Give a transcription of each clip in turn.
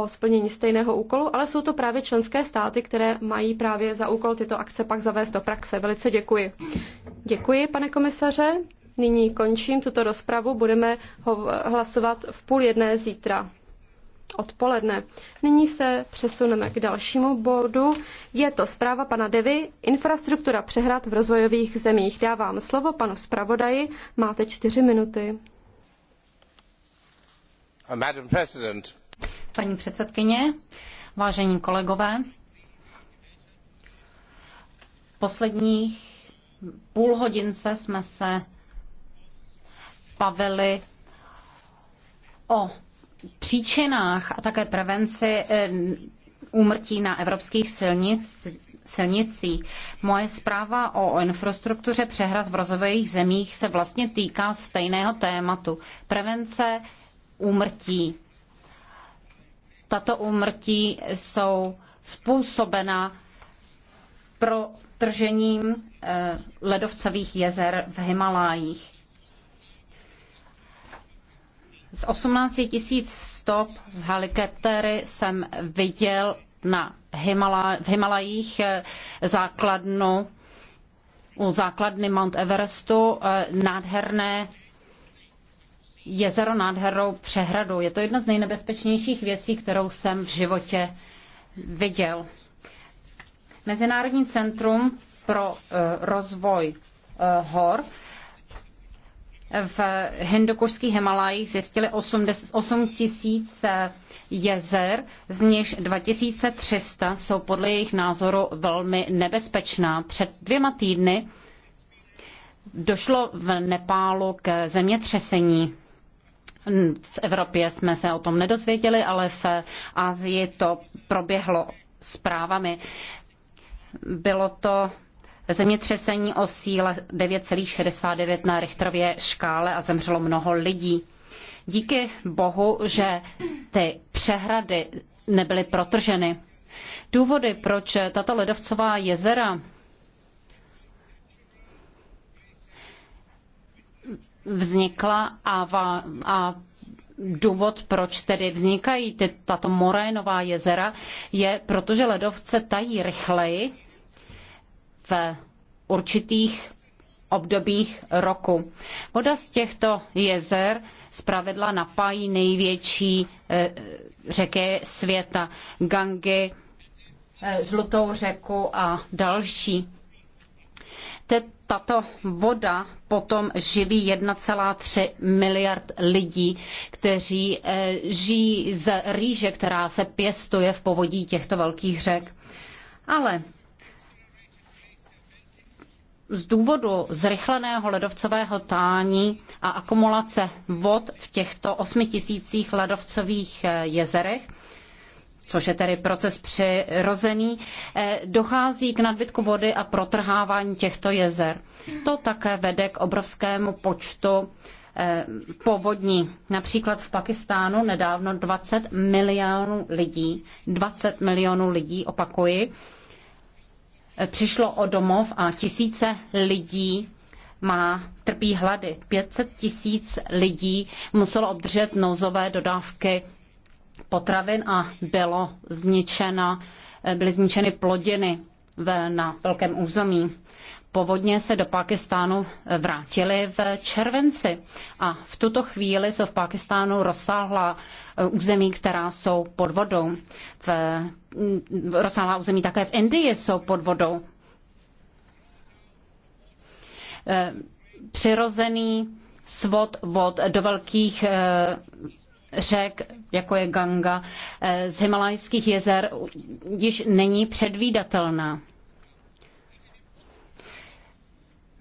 o splnění stejného úkolu, ale jsou to právě členské státy, které mají právě za úkol tyto akce pak zavést do praxe. Velice děkuji. Děkuji, pane komisaře. Nyní končím tuto rozpravu. Budeme ho hlasovat v půl jedné zítra odpoledne. Nyní se přesuneme k dalšímu bodu. Je to zpráva pana Devy, infrastruktura přehrad v rozvojových zemích. Dávám slovo panu zpravodaji, máte čtyři minuty. Uh, Madam President, paní předsedkyně, vážení kolegové. Posledních půl hodince jsme se bavili o příčinách a také prevenci eh, úmrtí na evropských silnic, silnicích. Moje zpráva o infrastruktuře přehrad v rozvojových zemích se vlastně týká stejného tématu. Prevence úmrtí. Tato úmrtí jsou způsobena protržením eh, ledovcových jezer v Himalájích. Z 18 tisíc stop z helikoptéry jsem viděl na Himala, v Himalajích eh, základnu u základny Mount Everestu eh, nádherné jezero nad Herou přehradou. Je to jedna z nejnebezpečnějších věcí, kterou jsem v životě viděl. Mezinárodní centrum pro eh, rozvoj eh, hor v hindukušských Himalajích zjistili 8 tisíc jezer, z nichž 2300 jsou podle jejich názoru velmi nebezpečná. Před dvěma týdny došlo v Nepálu k zemětřesení. V Evropě jsme se o tom nedozvěděli, ale v Asii to proběhlo zprávami. Bylo to zemětřesení o síle 9,69 na Richterově škále a zemřelo mnoho lidí. Díky bohu, že ty přehrady nebyly protrženy. Důvody, proč tato ledovcová jezera vznikla a, va, a důvod, proč tedy vznikají ty, tato morénová jezera, je, protože ledovce tají rychleji v určitých obdobích roku. Voda z těchto jezer zpravidla napájí největší eh, řeky světa, Gangy, eh, Žlutou řeku a další tato voda potom živí 1,3 miliard lidí, kteří eh, žijí z rýže, která se pěstuje v povodí těchto velkých řek. Ale z důvodu zrychleného ledovcového tání a akumulace vod v těchto 8 tisících ledovcových eh, jezerech což je tedy proces přirozený, eh, dochází k nadbytku vody a protrhávání těchto jezer. To také vede k obrovskému počtu eh, povodní. Například v Pakistánu nedávno 20 milionů lidí, 20 milionů lidí, opakuji, eh, přišlo o domov a tisíce lidí má, trpí hlady. 500 tisíc lidí muselo obdržet nouzové dodávky potravin a bylo zničena, byly zničeny plodiny na velkém území. Povodně se do Pákistánu vrátily v červenci a v tuto chvíli jsou v Pákistánu rozsáhlá eh, území, která jsou pod vodou. V, mm, rozsáhlá území také v Indii jsou pod vodou. Eh, přirozený svod vod do velkých eh, řek, jako je Ganga, eh, z Himalajských jezer, již není předvídatelná.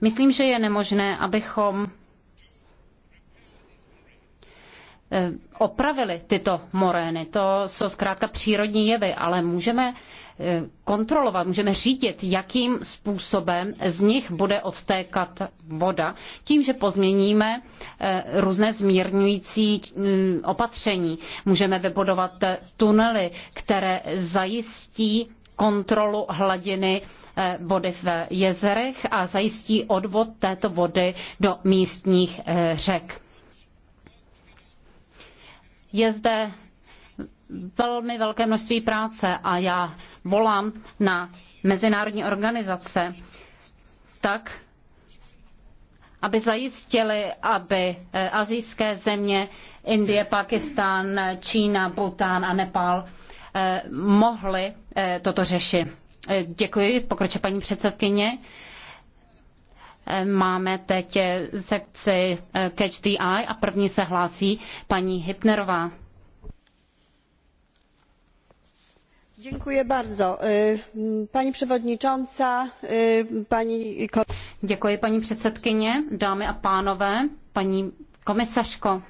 Myslím, že je nemožné, abychom eh, opravili tyto morény. To jsou zkrátka přírodní jevy, ale můžeme Eh, kontrolovat, můžeme řídit, jakým způsobem z nich bude odtékat voda, tím, že pozměníme eh, různé zmírňující mm, opatření. Můžeme vybudovat eh, tunely, které zajistí kontrolu hladiny vody v jezerech a zajistí odvod této vody do místních řek. Je zde velmi velké množství práce a já volám na mezinárodní organizace tak, aby zajistili, aby eh, azijské země, Indie, Pakistán, Čína, Bhutan a Nepál eh, mohly eh, toto řešit. Děkuji, pokračuje paní předsedkyně. Máme teď sekci Catch the Eye a první se hlásí paní Hypnerová. E, paní předsedající Děkuji, paní předsedkyně, dámy a pánové, paní komisařko.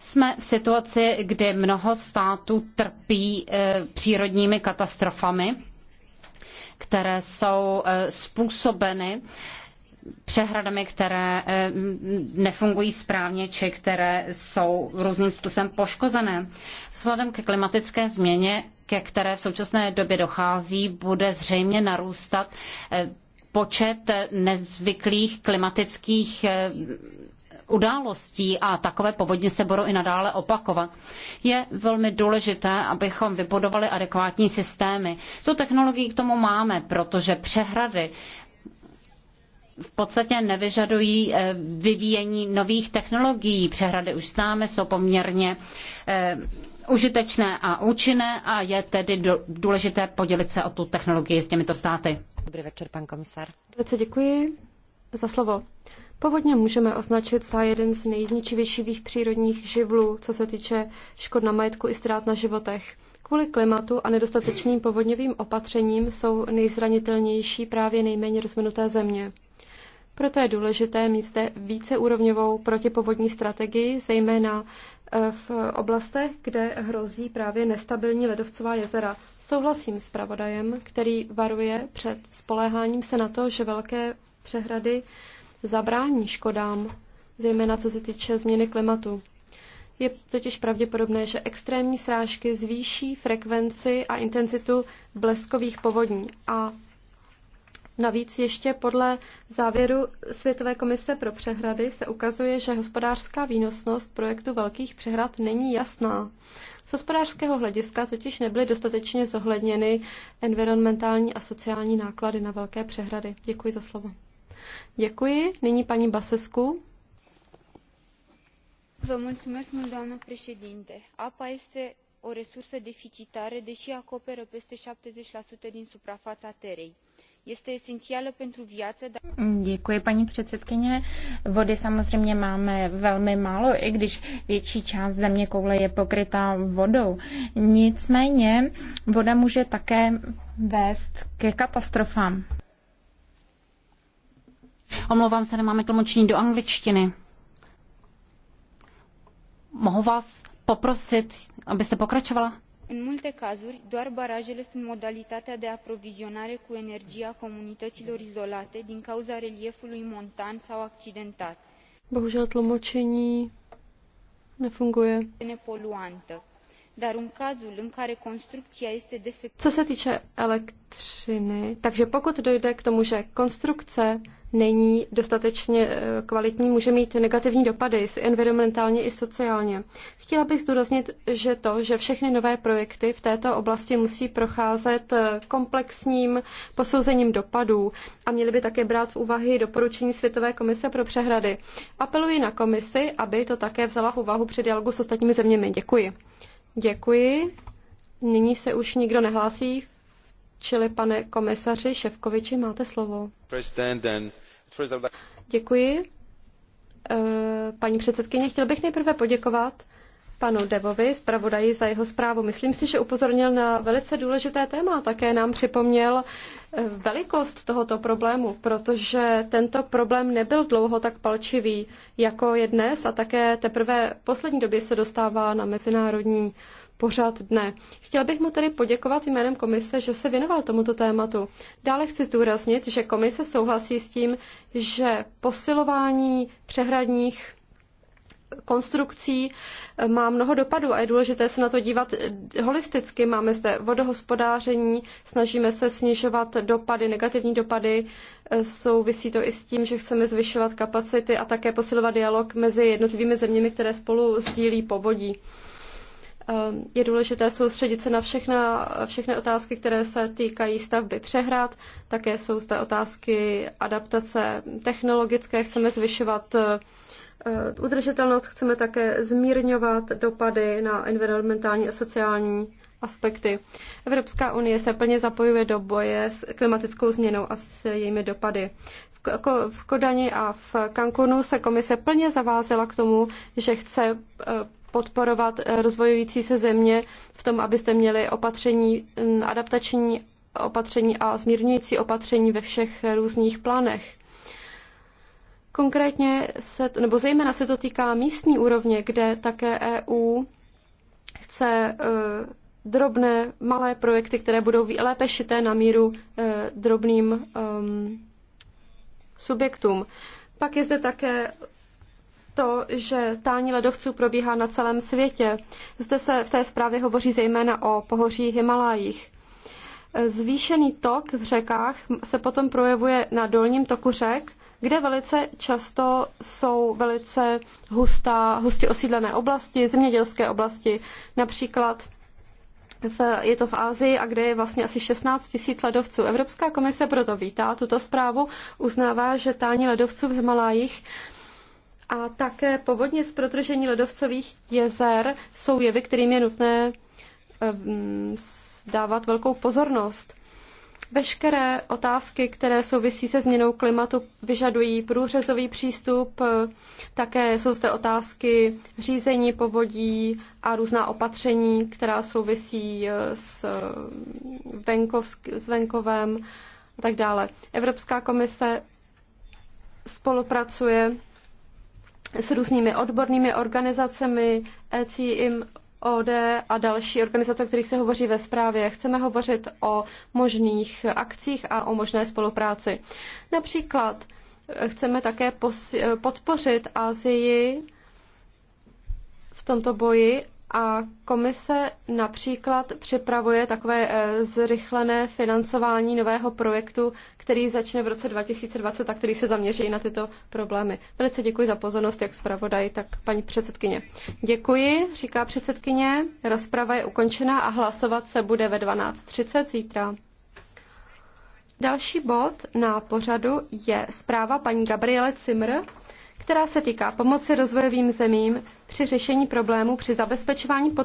Jsme v situaci, kdy mnoho států trpí e, přírodními katastrofami, které jsou e, způsobeny přehradami, které eh, nefungují správně či které jsou různým způsobem poškozené. Vzhledem ke klimatické změně, ke které v současné době dochází, bude zřejmě narůstat eh, počet nezvyklých klimatických eh, událostí a takové povodně se budou i nadále opakovat. Je velmi důležité, abychom vybudovali adekvátní systémy. Tu technologii k tomu máme, protože přehrady v podstatě nevyžadují eh, vyvíjení nových technologií. Přehrady už známe, jsou poměrně eh, užitečné a účinné a je tedy důležité podělit se o tu technologii s těmito státy. Dobrý večer, pan komisar. Velice děkuji za slovo. Povodně můžeme označit za jeden z nejničivějších přírodních živlů, co se týče škod na majetku i ztrát na životech. Kvůli klimatu a nedostatečným povodňovým opatřením jsou nejzranitelnější právě nejméně rozvinuté země. Proto je důležité mít zde víceúrovňovou protipovodní strategii, zejména eh, v oblastech, kde hrozí právě nestabilní ledovcová jezera. Souhlasím s pravodajem, který varuje před spoléháním se na to, že velké přehrady zabrání škodám, zejména co se týče změny klimatu. Je totiž pravděpodobné, že extrémní srážky zvýší frekvenci a intenzitu bleskových povodní a Navíc ještě podle závěru Světové komise pro přehrady se ukazuje, že hospodářská výnosnost projektu velkých přehrad není jasná. Z hospodářského hlediska totiž nebyly dostatečně zohledněny environmentální a sociální náklady na velké přehrady. Děkuji za slovo. Děkuji. Nyní paní Basesku. Vă mulțumesc mult, doamnă președinte. Apa este o resursă deficitară, deși acoperă peste 70% din suprafața terei este esențială pentru viață. Děkuji, paní předsedkyně. Vody samozřejmě máme velmi málo, i když větší část země koule je pokrytá vodou. Nicméně voda může také vést ke katastrofám. Omlouvám se, nemáme tlumočení do angličtiny. Mohu vás poprosit, abyste pokračovala? în multe cazuri doar barajele sunt modalitatea de aprovizionare cu energie a comunităilor izolate din cauza reliefului montan sau accidentat. Bohužel tlumočení nefunguje. nepoluantă dar în cazul în care construcția este defectuoasă... Co se týče elektřiny, takže pokud dojde k tomu, že konstrukce není dostatečně eh, kvalitní, může mít negativní dopady i environmentálně i sociálně. Chtěla bych zdůraznit, že to, že všechny nové projekty v této oblasti musí procházet eh, komplexním posouzením dopadů a měly by také brát v úvahy doporučení Světové komise pro přehrady. Apeluji na komisi, aby to také vzala v úvahu při dialogu s ostatními zeměmi. Děkuji. Děkuji. Nyní se už nikdo nehlásí, čili pane komisaři Ševkoviči, máte slovo. Děkuji. Eh, paní předsedkyně, chtěl bych nejprve poděkovat panu Devovi, zpravodaji, za jeho zprávu. Myslím si, že upozornil na velice důležité téma. Také nám připomněl eh, velikost tohoto problému, protože tento problém nebyl dlouho tak palčivý, jako je dnes a také teprve v poslední době se dostává na mezinárodní pořad dne. Chtěl bych mu tedy poděkovat jménem komise, že se věnoval tomuto tématu. Dále chci zdůraznit, že komise souhlasí s tím, že posilování přehradních konstrukcí eh, má mnoho dopadů a je důležité se na to dívat eh, holisticky. Máme zde vodohospodáření, snažíme se snižovat dopady, negativní dopady. Eh, souvisí to i s tím, že chceme zvyšovat kapacity a také posilovat dialog mezi jednotlivými zeměmi, které spolu sdílí povodí. Je důležité soustředit se na všechna, všechny otázky, které se týkají stavby přehrad. Také jsou zde otázky adaptace technologické. Chceme zvyšovat Eh, udržitelnost chceme také zmírňovat dopady na environmentální a sociální aspekty. Evropská unie se plně zapojuje do boje s klimatickou změnou a s jejími dopady. V Kodani a v Cancunu se komise plně zavázela k tomu, že chce eh, podporovat eh, rozvojující se země v tom, abyste měli opatření, adaptační opatření a zmírňující opatření ve všech různých plánech. Konkrétně se, nebo zejména se to týká místní úrovně, kde také EU chce e, drobné, malé projekty, které budou lépe šité na míru e, drobným subjektům. Pak je zde také to, že tání ledovců probíhá na celém světě. Zde se v té zprávě hovoří zejména o pohoří Himalájích. E, zvýšený tok v řekách se potom projevuje na dolním toku řek, kde velice často jsou velice hustá, hustě osídlené oblasti, zemědělské oblasti, například v, je to v Ázii a kde je vlastně asi 16 tisíc ledovců. Evropská komise proto vítá tuto zprávu, uznává, že tání ledovců v Himalájích a také povodně z protržení ledovcových jezer jsou jevy, kterým je nutné eh, dávat velkou pozornost. Veškeré otázky, které souvisí se změnou klimatu, vyžadují průřezový přístup, také jsou zde otázky řízení povodí a různá opatření, která souvisí s, venkovsk, s venkovem a tak dále. Evropská komise spolupracuje s různými odbornými organizacemi ECIM OD a další organizace, o kterých se hovoří ve zprávě. Chceme hovořit o možných akcích a o možné spolupráci. Například eh, chceme také eh, podpořit Asii v tomto boji a komise například připravuje takové e, zrychlené financování nového projektu, který začne v roce 2020 a který se zaměří na tyto problémy. Velice děkuji za pozornost, jak zpravodaj, tak paní předsedkyně. Děkuji, říká předsedkyně. Rozprava je ukončena a hlasovat se bude ve 12.30 zítra. Další bod na pořadu je zpráva paní Gabriele Cimr která se týká pomoci rozvojovým zemím při řešení problémů při zabezpečování potravin.